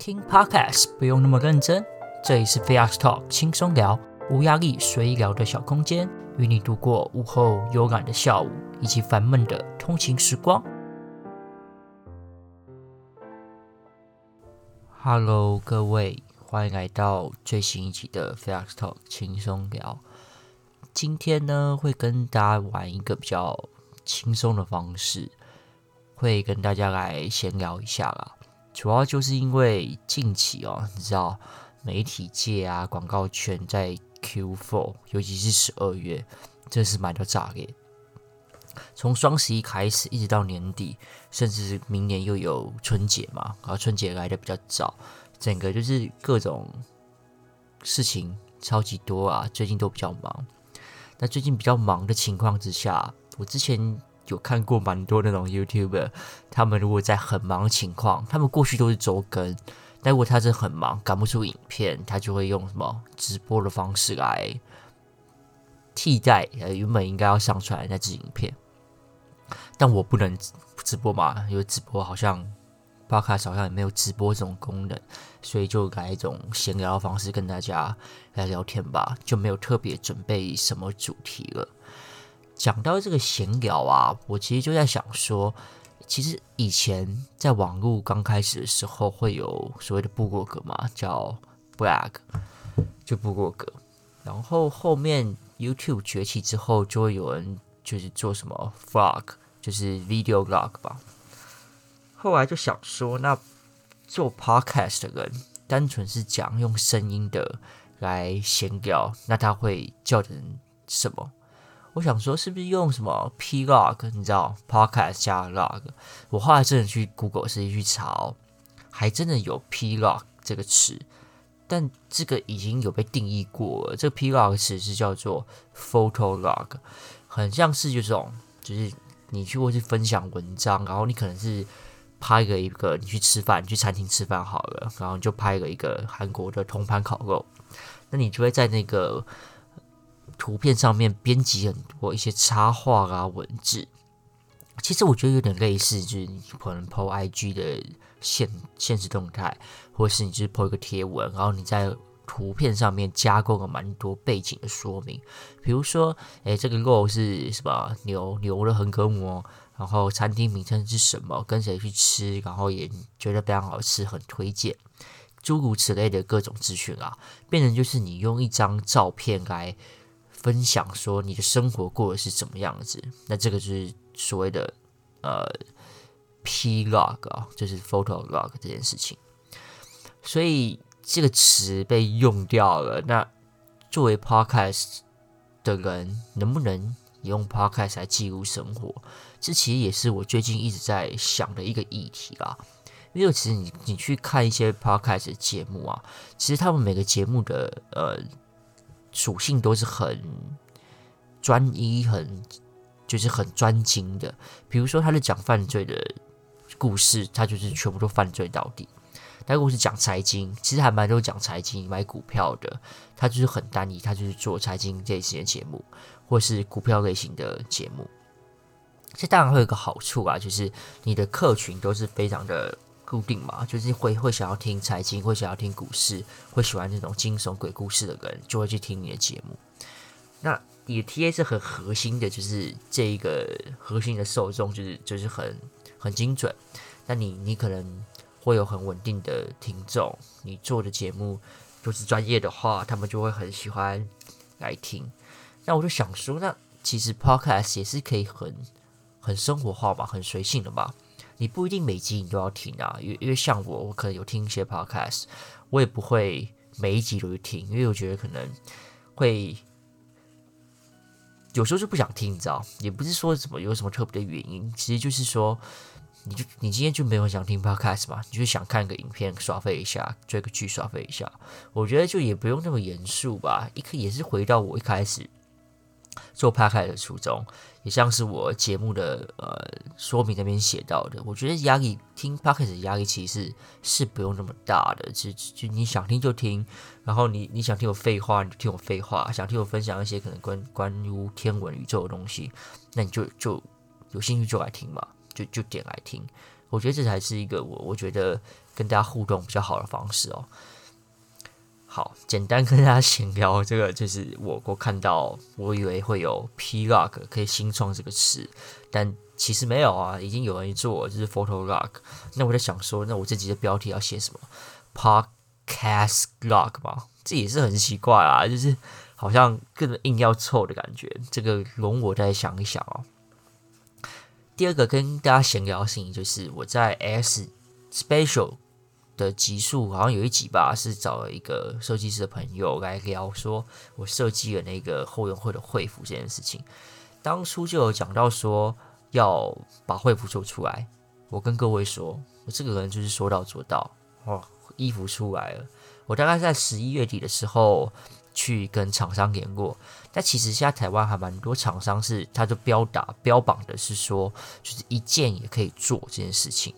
聽 Podcast 不用那麼認真，這裡是 Flex Talk 輕鬆聊，無壓力隨意聊的小空間，與你度過午後悠然的下午以及煩悶的通勤時光。Hello，各位，歡迎來到最新一集的 Flex Talk 輕鬆聊。今天呢，會跟大家玩一個比較輕鬆的方式，會跟大家來閒聊一下啦。主要就是因為近期哦，你知道媒體界啊、廣告圈在 Q Four，尤其是十二月，真的是忙到炸裂。從雙十一開始，一直到年底，甚至明年又有春節嘛，然後春節來的比較早，整個就是各種事情超級多啊，最近都比較忙。那最近比較忙的情況之下，我之前，有看過蠻多那種 YouTuber，他們如果在很忙的情況，他們過去都是周更，但如果他是很忙，趕不出影片，他就會用什麼直播的方式來替代，呃，原本應該要上傳那支影片。但我不能直播嘛，因為直播好像巴卡好像也沒有直播這種功能，所以就改一種閒聊的方式跟大家來聊天吧，就沒有特別準備什麼主題了。講到這個閒聊啊，我其實就在想說，其實以前在網絡剛開始的時候，會有所謂的部落格嘛，叫 blog，就部落格。然後後面 YouTube 崛起之後，就會有人就是做什麼 vlog，就是 video blog 吧。後來就想說，那做 podcast 的人，單純是講用聲音的來閒聊，那他會叫成什麼？我想說，是不是用什麼 P log？你知道，Podcast 加 log。我後來真的去 Google 實際去查，還真的有 P log 這個詞，但這個已經有被定義過了。這個 P log 詞是叫做 Photo log，很像是就是，就是你去過去分享文章，然後你可能是拍個一個你，你去吃飯，去餐廳吃飯好了，然後就拍個一個韓國的銅盤烤肉，那你就會在那個，圖片上面編輯很多一些插畫啊、文字，其實我覺得有點類似，就是你可能 po IG 的限限時動態，或是你就是 po 一個貼文，然後你在圖片上面加工了蠻多背景的說明，比如說，哎、欸，這個肉是什麼牛牛的橫膈膜，然後餐廳名稱是什麼，跟誰去吃，然後也覺得非常好吃，很推薦，諸如此類的各種資訊啊，變成就是你用一張照片來。分享說你的生活過得是怎麼樣子，那這個就是所謂的呃，P log 啊，就是 Photo log 這件事情。所以這個詞被用掉了。那作為 Podcast 的人，能不能用 Podcast 來記錄生活？這其實也是我最近一直在想的一個議題啦。因為其實你你去看一些 Podcast 節目啊，其實他們每個節目的呃。屬性都是很專一，很就是很專精的。比如說，他是講犯罪的故事，他就是全部都犯罪到底。他故事講財經，其實還蠻多講財經、買股票的。他就是很單一，他就是做財經這一些節目，或是股票類型的節目。這當然會有一個好處啊，就是你的客群都是非常的。固定嘛，就是會會想要聽財經，會想要聽股市，會喜歡那種驚悚鬼故事的人，就會去聽你的節目。那你的 TA 是很核心的，就是這一個核心的受眾，就是，就是就是很很精準。那你你可能會有很穩定的聽眾，你做的節目就是專業的話，他們就會很喜歡來聽。那我就想說，那其實 Podcast 也是可以很很生活化嘛，很隨性的嘛。你不一定每集你都要聽啊，因因為像我，我可能有聽一些 podcast，我也不會每一集都要聽，因為我覺得可能會有時候就不想聽，你知道？也不是說什麼有什麼特別的原因，其實就是說，你就你今天就沒有想聽 podcast 嘛？你就想看個影片刷廢一下，追個劇刷廢一下，我覺得就也不用那麼嚴肅吧，一刻也是回到我一開始。做 Podcast 的初衷，也像是我節目的呃說明那邊寫到的，我覺得壓力聽 Podcast 的壓力其實是，是不用那麼大的，其實就你想聽就聽，然後你你想聽我廢話你就聽我廢話，想聽我分享一些可能關關於天文宇宙的東西，那你就就有興趣就來聽嘛，就就點來聽，我覺得這才是一個我我覺得跟大家互動比較好的方式哦。好，簡單跟大家閒聊，這個就是我我看到，我以為會有 P log 可以新創這個詞，但其實沒有啊，已經有人做就是 Photo log。Lock, 那我在想說，那我這集的標題要寫什麼？Podcast log 吧，這也是很奇怪啊，就是好像各種硬要湊的感覺。這個容我再想一想哦、啊。第二個跟大家閒聊的事情，就是我在 S special。的集數好像有一集吧，是找了一個設計師的朋友來聊，說我設計了那個後援會的會服這件事情。當初就有講到說要把會服做出來，我跟各位說，我這個人就是說到做到。哦。衣服出來了，我大概在十一月底的時候去跟廠商聯絡。但其實現在台灣還蠻多廠商是，他就標打標榜的是說，就是一件也可以做這件事情。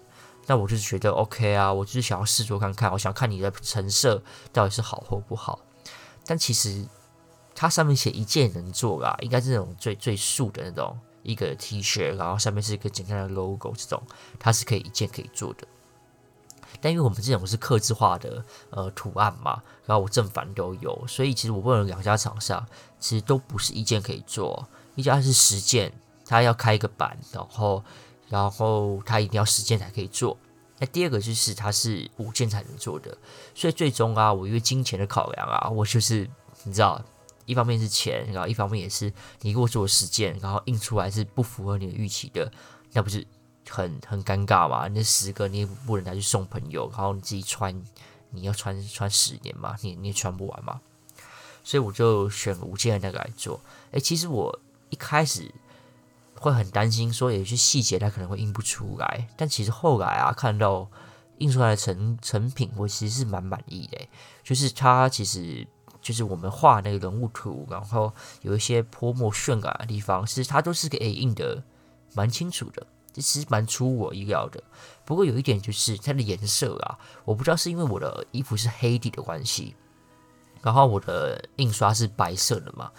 那我就是覺得 OK 啊，我就是想要試做看看，我想看你的成色到底是好或不好。但其實它上面寫一件能做啦，應該是那種最最素的那種一個 T 恤，然後上面是一個簡單的 logo 這種，它是可以一件可以做的。但因為我們這種是客製化的呃圖案嘛，然後我正反都有，所以其實我問了兩家廠商，其實都不是一件可以做，一家是十件，它要開一個版，然後。然後它一定要十件才可以做，那第二個就是它是五件才能做的，所以最終啊，我因為金錢的考量，啊，我就是你知道，一方面是錢，然後一方面也是你給我做十件，然後印出來是不符合你的預期的，那不是很很尷尬嘛？那十個你也不能拿去送朋友，然後你自己穿，你要穿穿十年嘛，你你也穿不完嘛，所以我就選了五件的那個來做。誒，其實我一開始。會很擔心，說有一些細節它可能會印不出來。但其實後來啊，看到印出來的成成品，我其實是蠻滿意的。就是它其實就是我們畫那個人物圖，然後有一些潑墨渲染的地方，其實它都是可以印的蠻清楚的。這其實蠻出我意料的。不過有一點就是它的顏色啊，我不知道是因為我的衣服是黑底的關係。然後我的印刷是白色的嘛，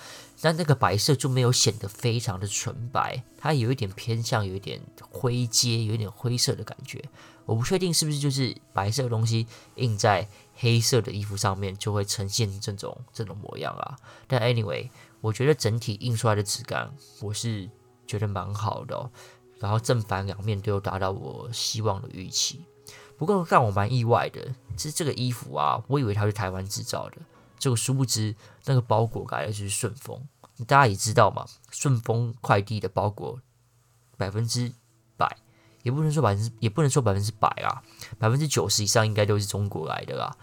但那個白色就沒有顯得非常的純白，它有一點偏向，有一點灰階，有一點灰色的感覺。我不確定是不是就是白色的東西印在黑色的衣服上面就會呈現這種這種模樣啊。但 anyway，我覺得整體印出來的質感我是覺得蠻好的哦，然後正反兩面都有達到我希望的預期。不過讓我蠻意外的，其實這個衣服啊，我以為它是台灣製造的。這個殊不知那個包裹改的就是順豐，大家也知道嘛，順豐快遞的包裹百分之百也不能說百分之也不能說百分之百啊，百分之九十以上應該都是中國來的啦。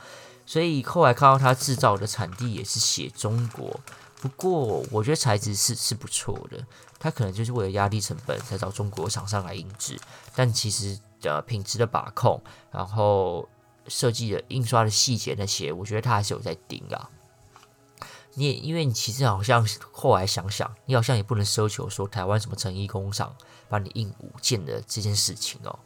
所以後來看到它制造的產地也是寫中國，不過我覺得材質是是不錯的，它可能就是為了壓低成本才找中國廠商來印制，但其實的、呃、品質的把控，然後。設計的印刷的細節那些，我覺得他還是有在盯啊。你也因為你其實好像後來想想，你好像也不能奢求說台灣什麼成衣工廠幫你印五件的這件事情哦。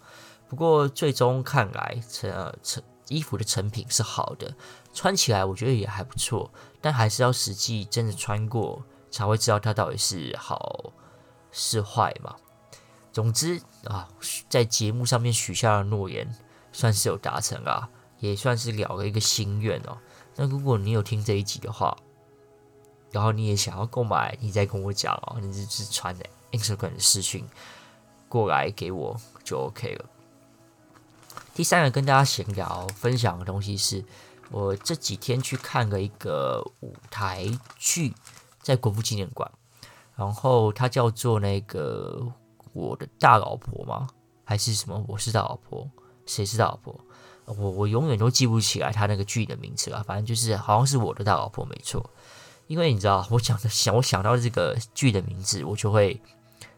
不過最終看來成成、呃、衣服的成品是好的，穿起來我覺得也還不錯，但還是要實際真的穿過才會知道它到底是好是壞嘛。總之啊，在節目上面許下了諾言。算是有達成啊，也算是了了一個心願哦、喔。那如果你有聽這一集的話，然後你也想要購買，你再跟我講哦、喔，你直接傳的 Instagram 的視訊過來給我就 OK 了。第三個跟大家閒聊分享的東西是，我這幾天去看了一個舞台劇，在國父紀念館，然後它叫做那個我的大老婆嗎？還是什麼？我是大老婆。誰是大老婆？我我永遠都記不起來他那個劇的名字了。反正就是好像是我的大老婆沒錯，因為你知道，我講的想我想到這個劇的名字，我就會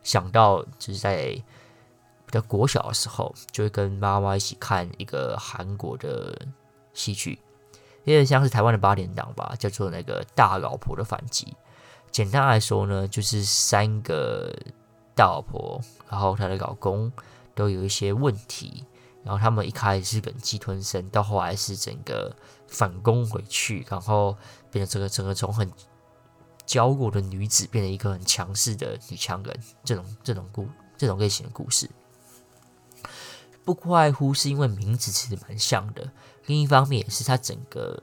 想到就是在比較國小的時候，就會跟媽媽一起看一個韓國的戲劇，有點像是台灣的八點檔吧，叫做那個《大老婆的反擊》。簡單來說呢，就是三個大老婆，然後她的老公都有一些問題。然後他們一開始是忍氣吞聲，到後來是整個反攻回去，然後變成整個整個從很嬌弱的女子，變成一個很強勢的女強人。這種這種故這種類型的故事，不外乎是因為名字其實蠻像的。另一方面，也是它整個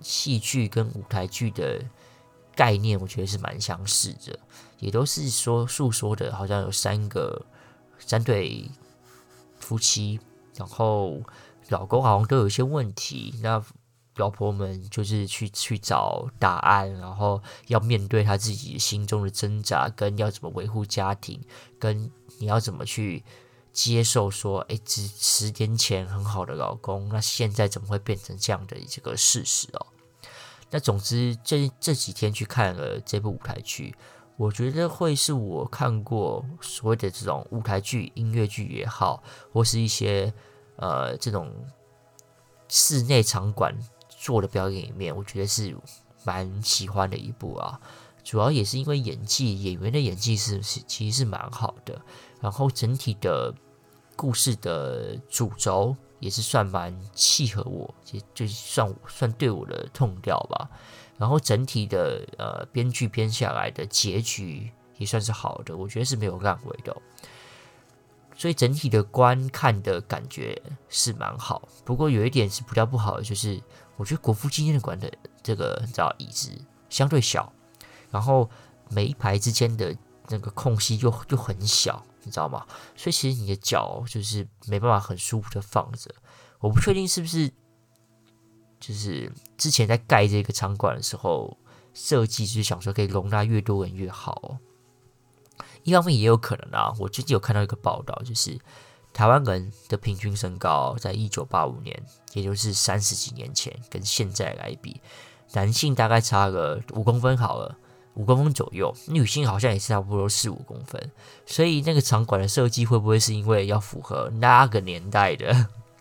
戲劇跟舞台劇的概念，我覺得是蠻相似的，也都是說訴說的，好像有三個三對夫妻。然後老公好像都有一些問題，那老婆們就是去去找答案，然後要面對他自己心中的掙扎，跟要怎麼維護家庭，跟你要怎麼去接受說，哎，這十年前很好的老公，那現在怎麼會變成這樣的這個事實哦？那總之，這這幾天去看了這部舞台劇，我覺得會是我看過所謂的這種舞台劇、音樂劇也好，或是一些。呃，這種室內場館做的表演裡面，我覺得是蠻喜歡的一部啊。主要也是因為演技，演員的演技是是其實是蠻好的。然後整體的故事的主軸也是算蠻契合我，就就算算對我的痛調吧。然後整體的呃編劇編下來的結局也算是好的，我覺得是沒有爛尾的。所以整體的觀看的感覺是蠻好，不過有一點是比較不好的，就是我覺得國父紀念館的這個你知道椅子相對小，然後每一排之間的那個空隙又又很小，你知道嗎？所以其實你的腳就是沒辦法很舒服的放着。我不確定是不是就是之前在蓋這個場館的時候設計，就是想說可以容納越多人越好。一方面也有可能啊，我最近有看到一個報道，就是台灣人的平均身高，在一九八五年，也就是三十幾年前，跟現在來比，男性大概差個五公分好了，五公分左右，女性好像也是差不多四五公分。所以那個場館的設計會不會是因為要符合那個年代的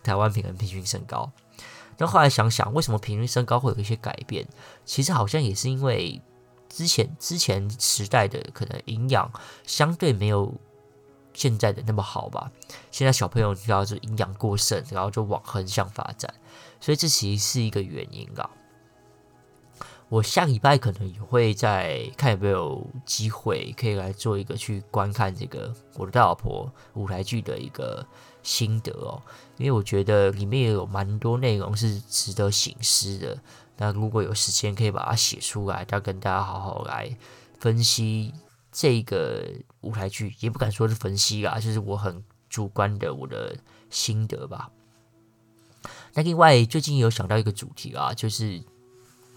台灣平均平均身高？那後來想想，為什麼平均身高會有一些改變？其實好像也是因為。之前之前時代的可能營養相對沒有現在的那麼好吧，現在小朋友知道就營養過剩，然後就往橫向發展，所以這其實是一個原因啊。我下禮拜可能也會再看有沒有機會可以來做一個去觀看這個《我的大老婆》舞台劇的一個心得哦，因為我覺得裡面也有蠻多內容是值得省思的。那如果有時間，可以把它寫出來，再跟大家好好來分析這個舞台劇，也不敢說是分析啊，就是我很主觀的我的心得吧。那另外最近有想到一個主題啊，就是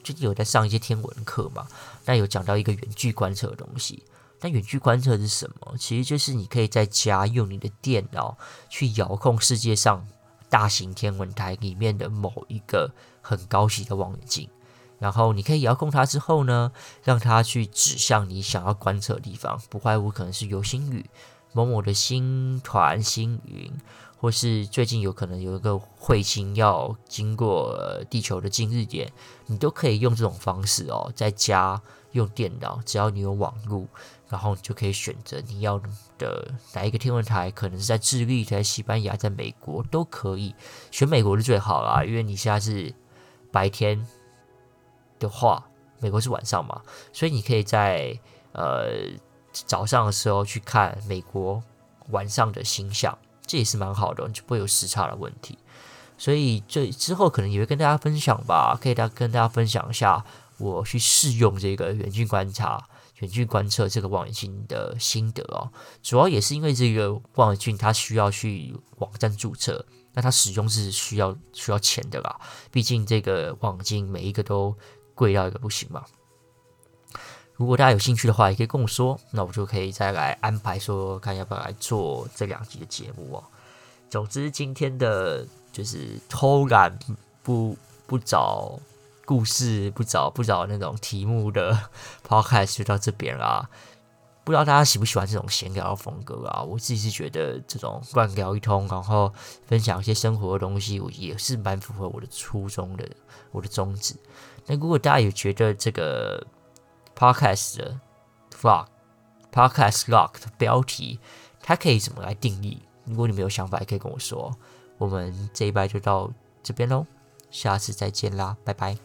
最近有在上一些天文課嘛，那有講到一個遠距觀測的東西。那遠距觀測是什麼？其實就是你可以在家用你的電腦去遙控世界上。大型天文台裡面的某一個很高級的望遠鏡，然後你可以遙控它之後呢，讓它去指向你想要觀測的地方，不外乎可能是流星雨、某某的星團、星雲。或是最近有可能有一個彗星要經過地球的近日點，你都可以用這種方式哦，在家用電腦，只要你有網絡，然後你就可以選擇你要的哪一個天文台，可能是在智利、在西班牙、在美國都可以。選美國是最好啦，因為你現在是白天的話，美國是晚上嘛，所以你可以在呃早上的時候去看美國晚上的星象。這也是蠻好的，就不會有時差的問題。所以這之後可能也會跟大家分享吧，可以大家跟大家分享一下我去試用這個遠距觀察、遠距觀測這個望遠鏡的心得哦，主要也是因為這個望遠鏡它需要去網站註冊，那它使用是需要需要錢的啦。畢竟這個望遠鏡每一個都貴到一個不行嘛。如果大家有興趣的話，也可以跟我說，那我就可以再來安排說，看要不要來做這兩集的節目哦、喔。總之，今天的就是偷懶不不找故事，不找不找那種題目的 podcast 就到這邊啦。不知道大家喜不喜歡這種閒聊風格啊？我自己是覺得這種亂聊一通，然後分享一些生活的東西，我也是蠻符合我的初衷的，我的宗旨。那如果大家有覺得這個，Podcast 的 log，Podcast log 的標題，它可以怎麼來定義？如果你沒有想法，也可以跟我說。我們這一拜就到這邊嘍，下次再見啦，拜拜。